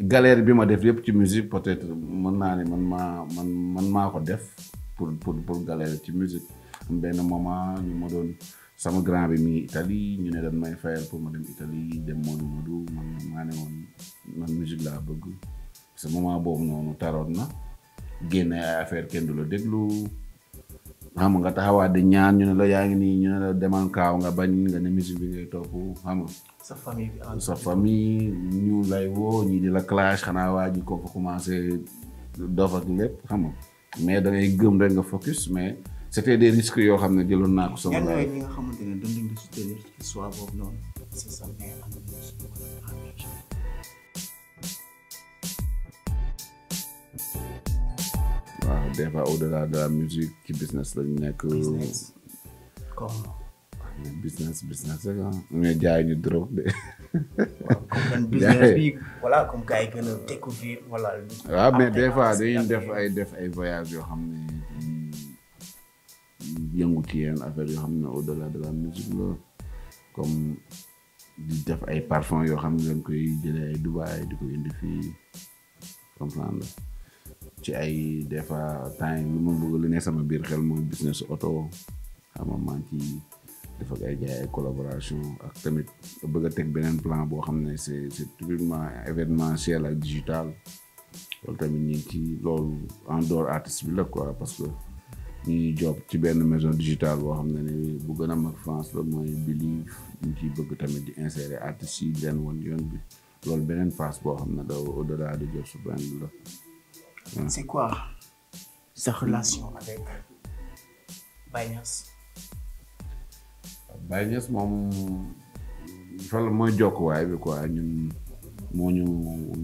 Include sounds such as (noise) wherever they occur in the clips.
galère bi ma def yépp ci musique peut-être mën naa ne man maa man man maa ko def pour pour pour galère ci musique am benn moment ñu ma doon sama grand bi mi Italie ñu ne dañ may fayal pour ma dem Italie dem Modou Modou man maa ne woon man musique laa bëgg parce moment boobu noonu taroon na génne ay affaire kenn du la déglu xam nga taxawaat di ñaan ñu ne la yaa ngi nii ñu ne la demal kaaw nga bañ nga ne musique bi ngay topp xam nga. sa famille ñu lay woo ñii di la clash xanaa waa ji ko fa commencé dof ak lépp xam mais da ngay gëm rek nga focus mais c'était des risques yoo xam ne jëloon naa ko. sama xamante ne dund nga des fois au-delà de la musique ci business lañu nekk. business comme. business business rek ah ñu drogue de. waaw comme man (laughs) des fois dañuy def ay def ay voyages yoo xam ne yëngu ci yenn affaire yoo xam ne au-delà de la musique la comme di def ay parfum yoo xam ne dañ koy jëlee ay Dubaï di ko indi fii comprendre ci ay des fois temps yi lu ma bëgg lu ne sama biir xel moom business oto xam nga maa ngi ciy def ak jaay ay collaboration ak tamit bëgg a teg beneen plan boo xam ne c'est c'est typiquement événementiel ak digital loolu tamit ñu ci loolu en dehors artiste bi la quoi parce que ñu ngi job ci benn maison digitale boo xam ne ni bu gën a mag France la mooy Believe ñu ciy bëgg tamit di insérer artistes yi leen woon yoon bi loolu beneen phase boo xam ne daw au delà de job su benn la. Mm. c'est quoi sa relation avec Baye Niass. moom fal mooy jokkuwaay bi quoi ñun moo ñu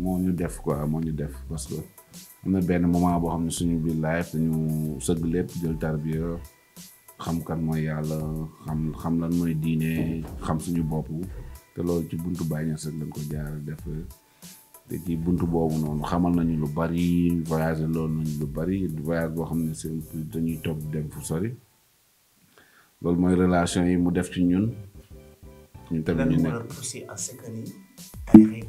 moo ñu def quoi moo ñu def parce que am benn moment boo xam ne suñu biir live dañu sëgg lépp jël tarbiya xam kan mooy yàlla xam xam lan mooy diine xam suñu bopp te loolu ci buntu Baye Niass rek lañ ko jaar def. te ci buntu boobu noonu xamal nañu lu bari voyagé loolu nañu lu bari voyage boo xam ne c'est dañuy topp dem fu sori loolu mooy relation yi mu def ci ñun. ñu tamit ñu nekk poussé à ce que ni ay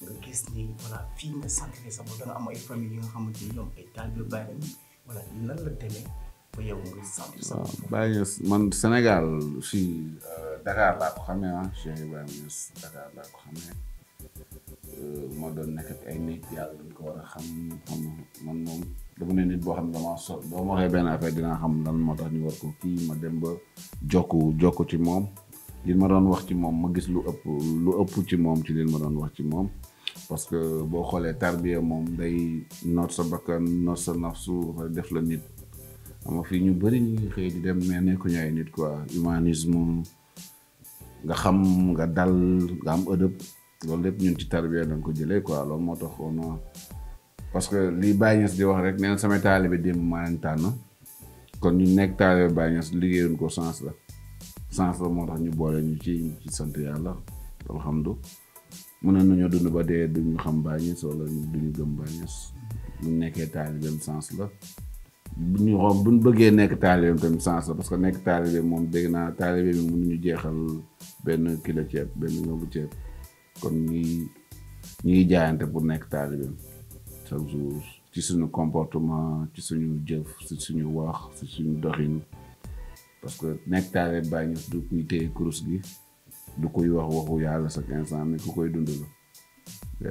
nga gis ni voilà fii nga centré sa bopp da am ay famille yi nga xamante ni ñoom ay taalibe Baay lañ voilà lan la demee ba yow nga centré sa bopp. Baay man Sénégal fii euh, Dakar laa ko xamee ah Cheikh Euh, moo doon nekk ak ay nit yàlla dañ ko war a xam man moom dama ne nit boo xam damaa so boo ma waxee benn affaire dinaa xam lan moo tax ñu war ko kii ma dem ba jokku jokku ci moom li ma doon wax ci moom ma gis lu ëpp lu ëpp ci moom ci li ma doon wax ci moom parce que boo xoolee tarbiya moom day noot sa bakkan noot sa nafsu def la nit xam nga fii ñu bëri ñu xëy di dem mais nekkuñu ay nit quoi humanisme nga xam nga dal nga am ëdëb loolu lépp ñun ci tarbiya dañ ko jëlee quoi loolu moo tax on parce que lii Baye di wax rek neen sama taalibe démb maa leen tànn kon ñu nekk taalibe Baye Niass liggéeyuñ ko sens la sens la moo tax ñu boole ñu ci ci sant yàlla alhamdu mënoon nañoo dund ba dee duñu xam Baye Niass wala duñu gëm Baye Niass bu nekkee taalibeem sens la bu ñu xool bu ñu bëggee nekk taalibeem tamit sens la parce que nekk taalibe moom dégg naa taalibe bi ñu jeexal benn kilo ceeb benn ngëbu ceeb. kon ñi ñuy jaayante pour nekk taalibeem chaque jour ci suñu comportement ci suñu jëf ci suñu wax ci suñu doxin parce que nekk taalibe Baay du kuy téye kurus gi du kuy wax waxu yàlla sax instant ku koy dund la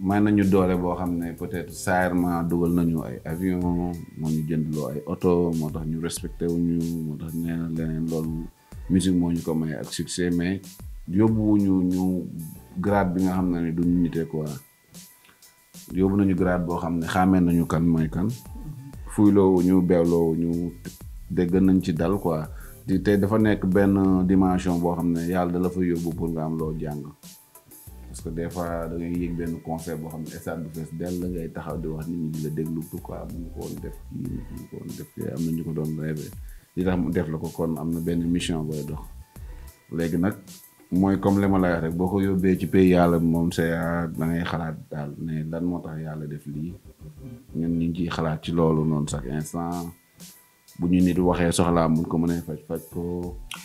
may nañu doole boo xam ne peut-être saarement dugal nañu ay avion moo ñu jëndloo ay oto moo tax ñu respecté wuñu moo tax nee na leneen loolu musique moo ñu ko may ak succès mais yóbbuwuñu ñu grade bi nga xam ne ni duñu nite quoi yóbbu nañu grade boo xam ne xàmmee nañu kan mooy kan fuyloowu ñu beewloowu ñu dégg nañ ci dal quoi di dafa nekk benn dimension boo xam ne yàlla dala la fa yóbbu pour nga am loo jàng parce que des fois da ngay yëg benn conseil boo xam ne stade bu fees dell la ngay taxaw di wax nit ñi di la déglu pourquoi mu ko woon def kii mu ko woon def kii am na ñu ko doon rêvé li tax mu def la ko kon am na benn mission booy dox léegi nag mooy comme li ma lay wax rek boo ko yóbbee ci pays yàlla moom sa ah, da ngay xalaat daal ne lan moo tax yàlla def lii ñun ñu ngi ciy xalaat ci loolu noonu chaque instant bu ñu nit waxee soxlaa mun ko mën a faj faj ko.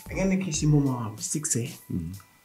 da ngeen nekk ci moment succès. Mm-hmm.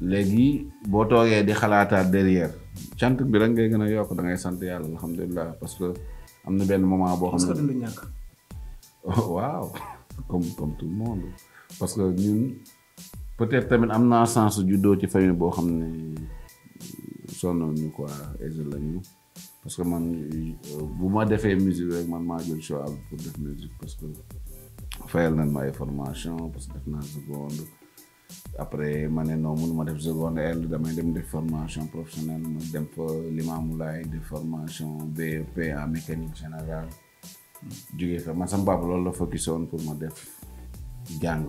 léegi boo toogee di xalaataat derrière cant bi rek ngay gën a yokk da ngay sant yàlla alhamdulilah parce que am na benn moment boo. xam ne dund ñàkk. (laughs) waaw comme parce que ñun peut-être tamit am naa sens juddoo ci famille boo xam ne sonnoon ñu quoi aisé lañu parce que man bu ma defee musique rek man maa jël choix pour def musique parce que fayal na ma ay formation parce que def naa seconde. après ma ne ma def seconde L damay dem def formation professionnelle ma dem fa lay de formation BEP en mécanique générale jógee fa man sama baab loolu la focus woon pour ma def jàng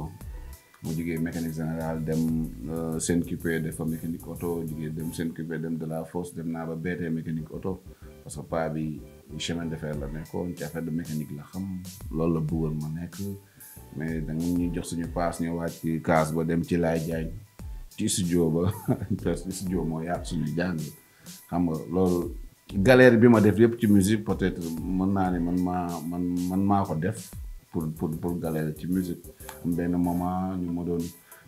ma jógee mécanique générale dem euh, SENCUP de fa mécanique auto jógee dem SENCUP dem de la force dem n'a ba BT mécanique auto parce que paa bi chemin de fer la nekkoon ci affaire de mécanique la xam loolu la bëggoon ma nek mais da nga ñuy jox suñu paas ñu wàcc ci kaas ba dem ci laay jaay ci studio ba (laughs) presque studio moo yàq suñu jàng xam nga loolu galère bi ma def yëpp ci musique peut-être mën naa ne man maa man man maa ko def pour pour pour galère ci musique benn moment ñu ma doon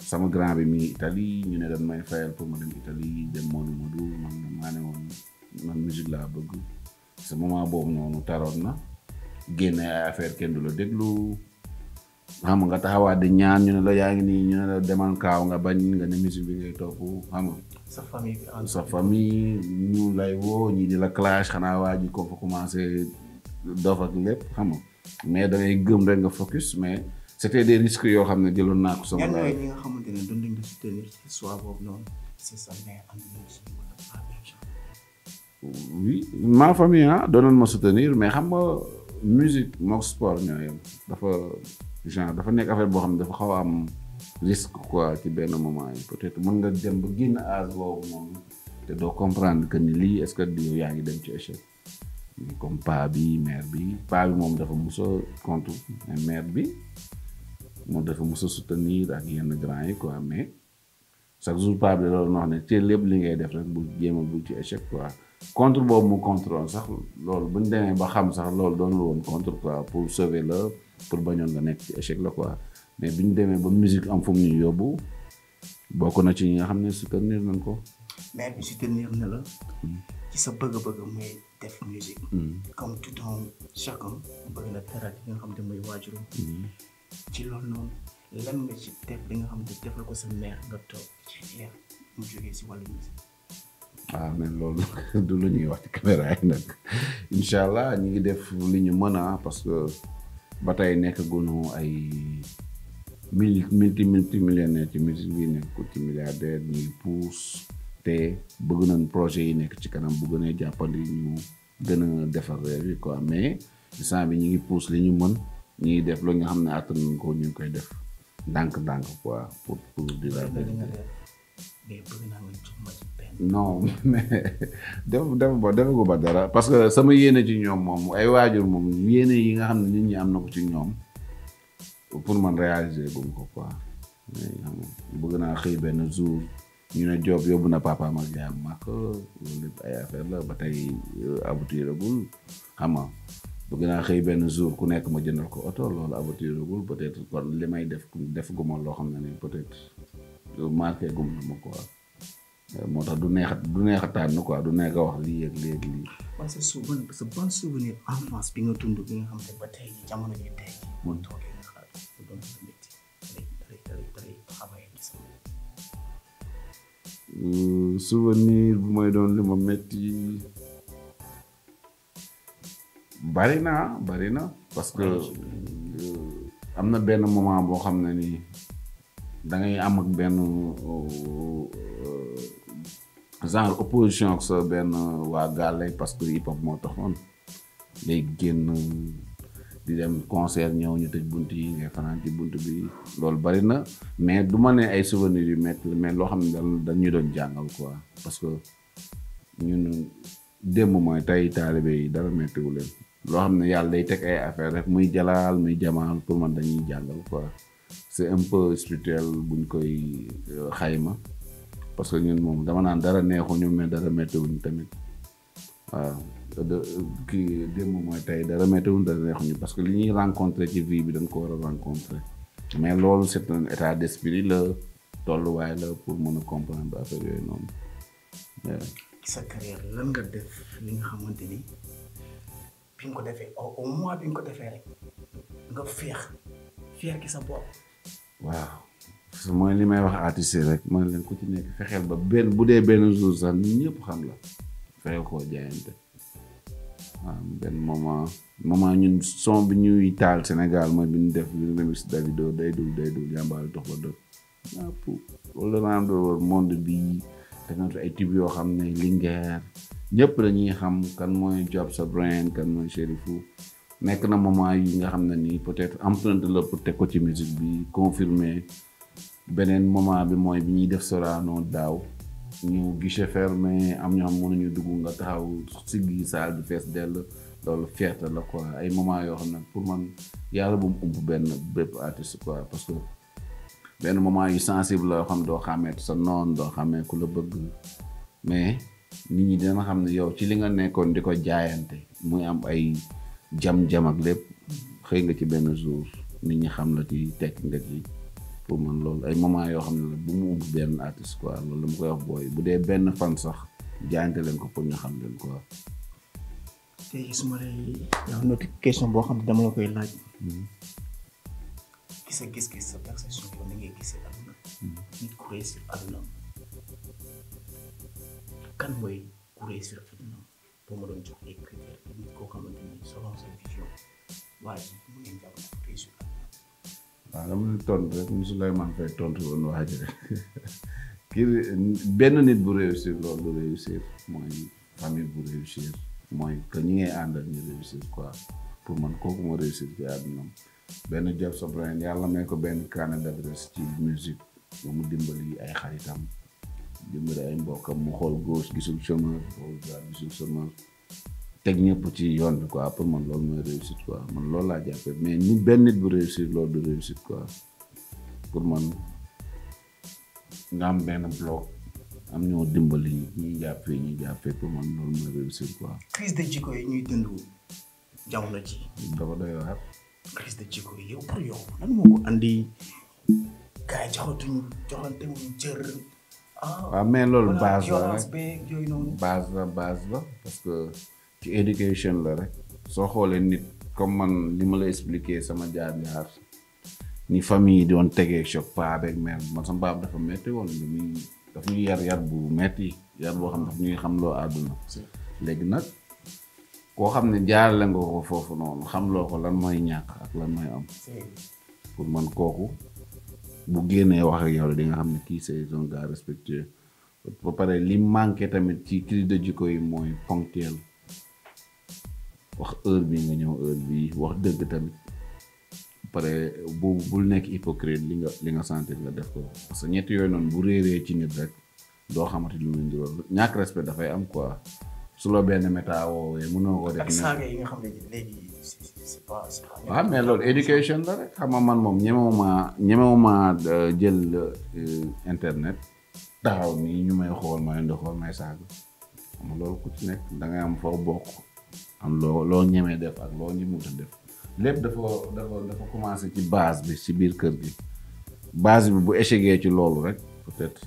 sama grand bi mi Italie ñu ne dañ may fayal pour ma dem Italie dem Modou Modou man maa ne woon man musique laa bëgg ce moment boobu noonu taroon na génne ay affaire kenn du la déglu xam nga taxawaat di ñaan ñu ne la yaa ngi nii ñu ne la demal kaaw nga bañ nga ne musique bi ngay topp xam nga. sa famille bi ñu lay woo ñii di la clash xanaa waa ji ko fa commencé dof ak lépp xam mais da gëm rek nga focus mais des risques yoo xam ne jëloon naa ko. sama laaj ñaar ñi nga xamante ne ma famille ah doonoon ma soutenir mais xam nga musique mook sport ñoo dafa. genre dafa nekk affaire boo xam ne dafa xaw a am risque quoi ci benn moment yi peut-être mën nga dem ba génn âge boobu moom te doo comprendre que ni lii est-ce que yow yaa ngi dem ci échec comme paa bi mère bi paa bi moom dafa mus a contre mais bi moom dafa mus a soutenir ak yenn grand yi quoi mais chaque jour paa bi loolu noo xam ne te lépp li ngay def rek bu jéem a bu ci échec quoi contre boobu mu contrôle sax loolu bu ñu demee ba xam sax loolu doon la woon contre quoi pour sauver la pour bañoon nga nekk ci échec la quoi mais bi ñu demee ba musique am fu mu bokk na ci ñi nga xam ne soutenir nañ ko. mais bi soutenir na la. Hmm. ci sa bëgg-bëgg muy def musique. Hmm. comme tout un chacun bëgg na teral li nga xam hmm. ci loolu noonu lan nga ci def li ko sa mère nga toog si wàllu musique. waaw ah, loolu (laughs) du lu ñuy wax ci caméra yi nag incha allah ñu ngi def li ñu mën a ah, parce ba tey nekk gunu ay mil multi multi millionnaire ci musique bi nekk ko ci milliardaire ñuy puus te bëgg nañ projet yi nekk ci kanam bu gën a jàppandi ñu gën a defar réew yi quoi mais instant bi ñu ngi puus li ñu mën ñu ngi def loolu nga xam ne attan nañ ko ñu ngi koy def ndànk-ndànk quoi pour pour dire la vérité. non (laughs) mais def def defagu ba dara parce que sama yéene ci ñoom moom ay waajur moom yéene yi nga xam ne nit ñi am na ko ci ñoom pour man réaliser gum ko quoi bëgg naa xëy benn jour ñu ne Diop yóbbu na papaam ak yaayam màkk loolu ay affaire la ba tey euh, aboutiragul xam nga bëgg naa xëy benn jour ku nekk ma jëndal ko oto loolu aboutiragul peut kon li may def def guma loo xam ne ni peut-être marqué gum na ma quoi moo tax du neex du neex a tànn quoi du a wax lii ak lii ak lii. waaw sa souvenir sa bon souvenir enfance bi may doon li ma métti bari na bari na parce que euh, am na benn moment boo xam ne nii. da ngay am ak benn euh, genre opposition ak sa benn euh, waa gàllay parce que hip moo taxoon day génn di dem concert ñëw ñu tëj bunt yi ngay fanaan ci bunt bi loolu bari na mais du ma ne ay souvenirs yu métti mais loo xam ne daal dañuy doon jàngal quoi parce que ñu démb mooy tey taalibe yi dara méttiwu leen loo xam ne yàlla day teg ay affaire rek muy jalaal muy jamaal pour man dañuy jàngal quoi c'est un peu spirituel buñ koy euh, xayma parce que ñun moom dama naan dara neexuñu mais dara méttiwuñu tamit waaw kii démb mooy tey dara méttiwuñu dara neexuñu parce que li ñuy rencontrer ci vie bi dañ ko war a rencontrer mais loolu c'est un état d'esprit la tolluwaay la pour mën a comprendre affaire yooyu noonu. sa carrière lan nga def li nga xamante ni bi nga ko defee au moins bi nga ko defee rek nga féex. fi yàgg ça bopp. waaw parce que mooy li wax artiste rek man leen ku ci nekk fexeel ba benn bu dee jour sax xam la fexeel koo jaayante waaw benn moment moment ñun son bi ñuy taal Sénégal mooy bi ñu def Davido day day dox ba dox loolu a monde bii ay yoo xam ne Linguère ñëpp dañuy xam kan mooy Job sa kan nekk na moment yi nga xam ne nii peut-être emprunté la pour teg ko ci musique bi confirmer beneen moment bi mooy bi ñuy def Sorano daaw ñu guichet fermé am ñoo xam ñu dugg nga taxaw si siggi saal bi fees dell loolu fierté la quoi ay moment yoo xam ne pour man yàlla bu mu ump benn bépp artiste quoi parce que benn moment yu sensible la yoo xam doo xàmmee sa noon doo xàmmee ku la bëgg mais nit ñi dina xam ne yow ci li nga nekkoon di ko jaayante muy am ay jam-jam ak lépp xëy nga ci benn jour nit ñi xam la ci tekk nga ci pour man loolu ay moment yoo xam ne la bu mu benn artiste quoi loolu la mu koy wax booy bu dee benn fan sax jaante leen ko pour ñu xam leen quoi. tey su ma lay. question boo xam ne dama la koy laaj. Mm-hmm. gis nga gis-gis sa perception la boo ma doon jox ay critères mu ne jàpp na réussir. tontu rek ñu Souleymane woon waa rek (laughs) kii benn nit bu réussir loolu réussir mooy famille bu réussir mooy que ñi ngay àndal ñu réussir quoi pour man kooku moo réussir ci àddunaam benn job sobrane yàlla may ko benn carnet d'adresse ci musique ba mu dimbali ay xaritam. dimbali ay mbokam mu xool gauche gisul chômeur xool droit gisul chômeur teg ñëpp ci yoon bi quoi pour man loolu mooy réussite quoi man loolu laa jàppee mais ni benn nit bu réussir loolu du réussite quoi pour man nga am benn bloc am ñoo dimbali ñuy jàppee ñuy jàppee pour man loolu mooy réussir quoi. crise de jikko yi ñuy dund jamono ji. dafa doy waar. crise de jikko yi yow pour yow lan moo andi gars yi joxatuñu joxante wuñ cër Oh. waaw mais loolu base la rek base la base la parce que ci éducation la rek soo xoolee nit comme man li ma la expliquer sama jaar-jaar ni famille yi doon tegee choc paa beeg mère man sama baab dafa métti woon lu muy daf ñuy yar yar bu metti yar boo xam ne daf ñuy xam loo àdduna léegi nag koo xam ne jaarale nga ko foofu noonu xam loo ko lan mooy ñàkk ak lan mooy am pour man kooku bu génnee wax ak yow di nga xam ne kii c'est un gars respectueux ba pare li manqué tamit ci crise de jikko yi mooy ponctuel wax heure bi nga ñëw heure bi wax dëgg tamit pare bu bul nekk hypocrite li nga li nga sentir nga def ko parce que ñetti yooyu noonu bu réeree ci nit rek doo xamante lu muy ndurool ñàkk respect dafay am quoi su la benn météo woowee mënoo ko def. ak yi nga xam ne mais loolu éducation la xam nga man moom ñemewuma ñemewuma euh, jël euh, internet taxaw nii ñu may xool ma leen may saaga loolu ku ci nekk da ngay am foo bokk am loo loo ñemee def ak loo ñemut def lépp dafa dafa dafa ci base bi ci biir kër gi base bi bu échecgee ci loolu rek peut-être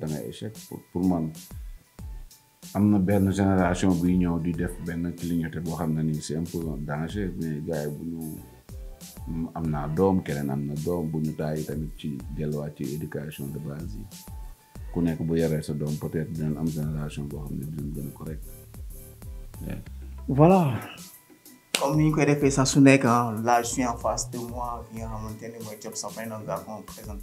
da ngay pour man. am na benn génération buy ñëw di def benn clignoté boo xam ne nii c'est un peu un danger mais gars yi bu ñu am naa doom keneen am na doom bu ñu taay tamit ci delluwaat ci éducation de base yi ku nekk bu yaree sa doom peut-être dinañ am génération boo xam ne dinañ gën a correct voilà. comme ni ñu koy defee saa su nekk ah là je suis en face de moi ki nga xamante ne mooy Job Safin Garga on présente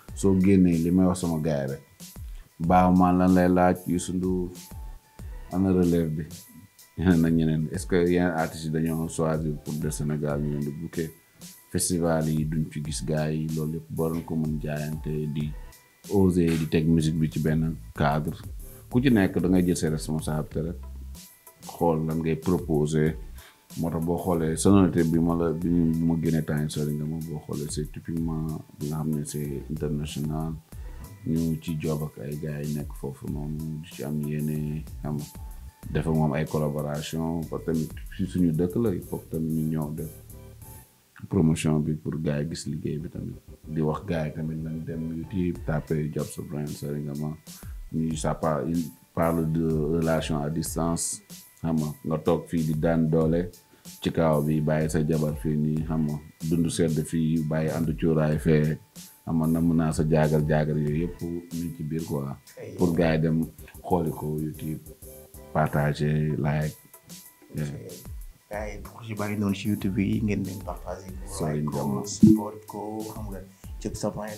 soo génnee li may wax sama gaay rek baaw maan lan lay laaj Youssou Ndour ana relève bi ñeneen (laughs) ak ñeneen est-ce que yeneen artistes yi dañoo choisir pour de Sénégal ñu leen di bouquet festival yi duñ ci gis gars yi loolu yëpp booroon ko mën jaayante di osé di teg musique bi ci benn cadre ku ci nekk da ngay jël ses responsabilités rek xool lan ngay proposé moo tax boo xoolee sonorité bi ma la bi ma génnee temps yi sori nga ma boo xoolee c' est typiquement bi nga xam ne si est international ñu ci job ak ay gars yi nekk foofu moom di ci am yéene xam defa moom ay collaboration parce que tamit suñu dëkk la il faut tamit ñu ñëw def promotion bi pour gars yi gis liggéey bi tamit di wax gars yi tamit nañ dem YouTube tapé job sa brand sori nga ñu ça parle il parle de relation à distance xam nga toog fii di daan doole ci kaw bi bàyyi sa jabar fii nii xam dund sedd fii bàyyi andu cuuraay fee xam nga namm naa sa jaagal jaagal yooyu yëpp ñu ci biir quoi pour gars yi dem xooli ko YouTube partager like gars yi bu ci bari noonu ci YouTube ko xam nga cëp savant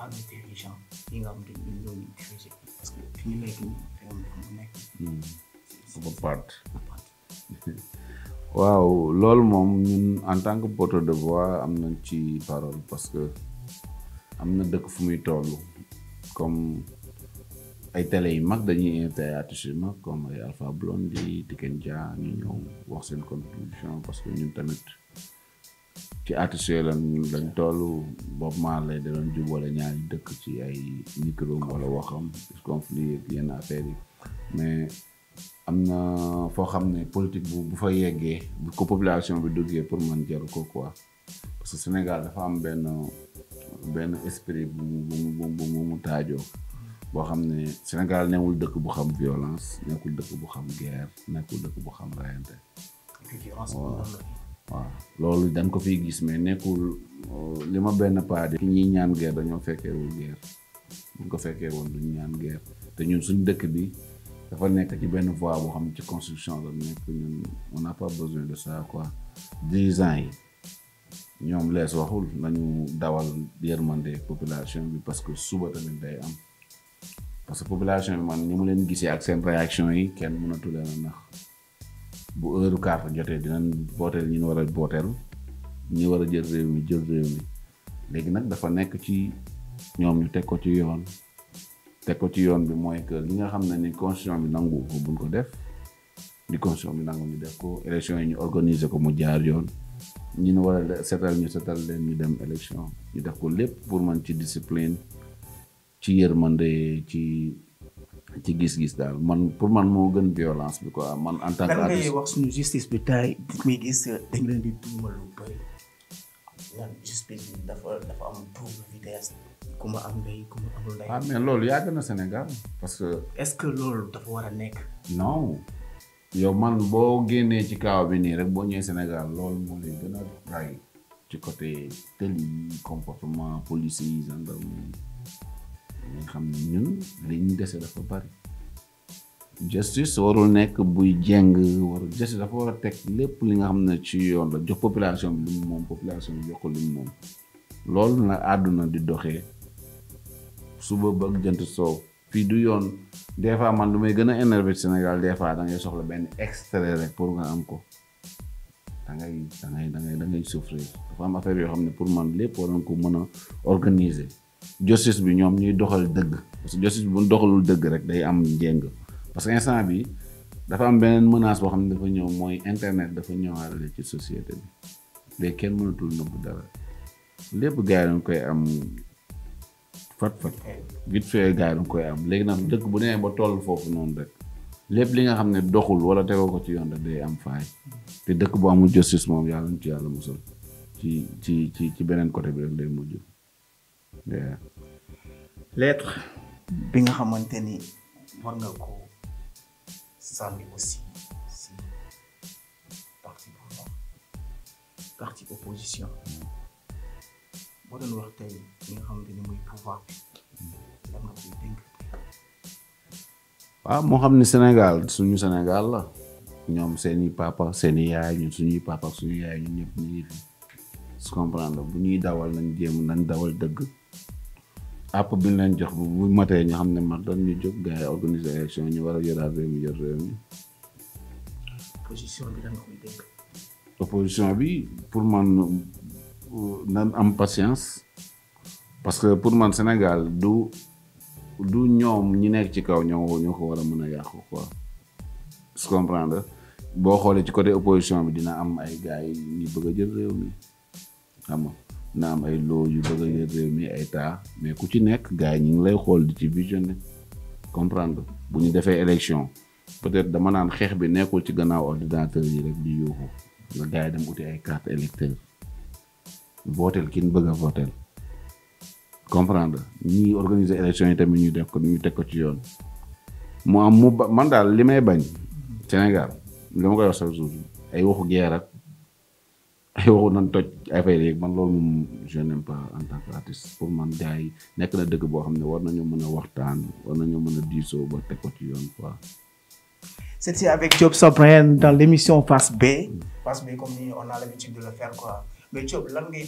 en waaw loolu moom ñun en tant que porteur de voix am na ci parole parce que am na dëkk fu muy toll comme ay télé yu mag dañuy invité ay artistes yu mag comme ay Alpha Blondy Tiken Jah ñu ñëw wax seen contribution parce que ñun tamit. ci at yooyu lan lañ toll Bob Marley da doon jubale ñaari dëkk ci ay micro wala waxam conflit ak yenn affaires mais am na foo xam ne politique bu bu fa yeggee bu ko population bi duggee pour man jaru ko quoi parce que Sénégal dafa am benn benn esprit bu bu bu mu taajoo boo xam ne Sénégal newul dëkk bu xam violence nekkul dëkk bu xam guerre nekkul dëkk bu xam rayante. waaw loolu dañ ko fi gis mais nekkul oh, li ma benn paa di. ki ñuy ñaan guerre dañoo fekkee wul guerre buñ ko fekkee woon duñ ñaan guerre te ñun suñ dëkk bi dafa nekk ci benn voie boo xam ne ci construction la nekk ñun on n'a pas besoin de ça quoi dirigeants yi ñoom lees waxul nañu dawal yërmande population bi parce que suba tamit day am parce que population bi man ni ma leen gisee ak seen réaction yi kenn mënatu leen a nax bu heure carte jotee dinañ booteel ñu war a booteel ñu war a jël réew mi jël réew mi léegi nag dafa nekk ci ñoom ñu teg ko ci yoon teg ko ci yoon bi mooy que li nga xam ne ni constitution bi nangu ko buñ ko def li constitution bi nangu ñu def ko élection yi ñu organiser ko mu jaar yoon ñu ne war a setal ñu setal leen ñu dem élection ñu def ko lépp pour man ci discipline ci man yërmande ci. ci gis-gis daal man pour man moo gën violence bi ko man en tant que. artiste bi taay muy gis euh, dañ leen di tuumal ah, loolu yàgg na Sénégal parce que. est-ce que loolu a nekk. non. man boo génnee ci kaaw bi nii rek boo ñëwee Sénégal loolu moo ci côté comportement policier gendarmerie. nga xam ne ñun li dese dafa bari justice warul nekk buy jeng warul justice dafa war a teg lépp li nga xam ne ci yoon la jox population bi lim moom population bi jox ko lim moom loolu la àdduna di doxee suba ba jant soow fii du yoon des fois man lu may gën a énervé Sénégal des fois da ngay soxla benn extrait rek pour nga am ko da ngay da ngay da ngay da ngay souffrir dafa am affaire yoo xam ne pour man lépp war ko mën a organiser justice bi ñoom ñuy doxal dëgg parce que justice bi bu doxalul dëgg rek day am njëng parce que instant bi dafa am beneen menace boo xam ne dafa ñëw mooy internet dafa ñëwaale ci societé bi léegi kenn mënatul nëbb dara lépp gars yi dañ koy am fat fat vite fait gars yi dañ koy am léegi nag dëkk bu nee ba toll foofu noonu rek lépp li nga xam ne doxul wala tegoo ko ci yoon rek am faay te dëkk bu amul justice moom yàlla ñu ci yàlla musal ci ci ci ci beneen côté bi day mujj. lettre bi nga xamante ni war nga ko sànni aussi si parti pouvoir parti opposition waaw ah, moo xam ne Sénégal suñu Sénégal la ñoom seeni papa seeni yaay ñun suñuy papa suñu yaay ñun ñëpp ñu ngi bu ñuy dawal nañ jéem nañ dawal dëgg app bi leen jox bu matee ñu xam ne mat lan ñu jóg gaay organisation ñu war a yoraat réew mi yor réew mi opposition bi da nga koy opposition bi pour man nan am patience parce que pour man Sénégal du du ñoom ñi nekk ci kaw ñoo ñoo ko war a mën a yàqu quoi su comprendre boo xoolee ci côté opposition bi dina am ay gars yi ñu bëgg a jël réew mi xam nga na am ay loo yu bëgg a yër mi ay taa mais ku ci nekk gars yi ñu ngi lay xool di ci visionné comprendre bu ñu defee élection peut-être dama naan xeex bi nekkul ci gannaaw ordinateur yi rek di yuuxu nga gars dem uti ay carte électeur votel kin bëgg a votel comprendre ñi organiser élection yi tamit ñu def ko ñu teg ko ci yoon mu am mu ba man daal li may bañ Sénégal li ma koy wax chaque jour ay waxu guerre ak (laughs) je n'aime pas en tant qu'artiste pour war C'était avec Job Sobren dans l'émission Face B. Face B comme on a l'habitude de le faire quoi mais Job lan ngay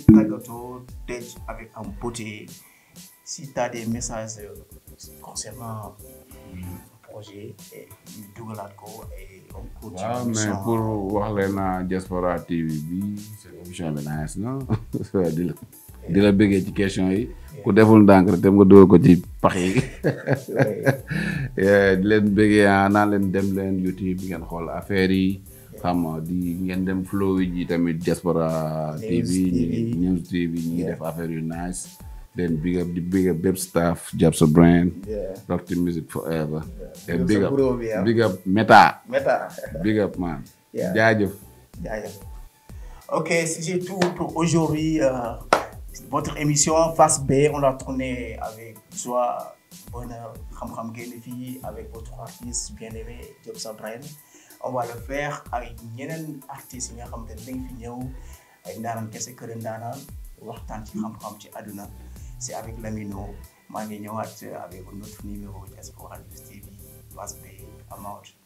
avec un beauté si des messages euh, concernant projet waaw mais pour wax leen na Diaspora TV bi émission na (laughs) di la bëggee ci question yi. ku deful ndànk rek dem nga dugal ko ci pax (laughs) eh, leen bëggee ah, naan leen dem leen YouTube ngeen xool affaire yi. xam ngeen dem flow yi ji tamit Diaspora TV ñu News TV ñu def affaire yu nice. Then big up the big up Staff, Brand, Music Forever. big up, Meta. Meta. big up man. Yeah. Ok, c'est tout pour aujourd'hui. Euh, votre émission Face B, on l'a tournée avec joie, bonheur, Genevi, avec votre artiste bien-aimé, Jobs Brand. On va le faire avec ñeneen artiste nga xam dañ fi ay c'est avec Lamino. Maa ma avec autre numéro Diaspora va TV payer un Amount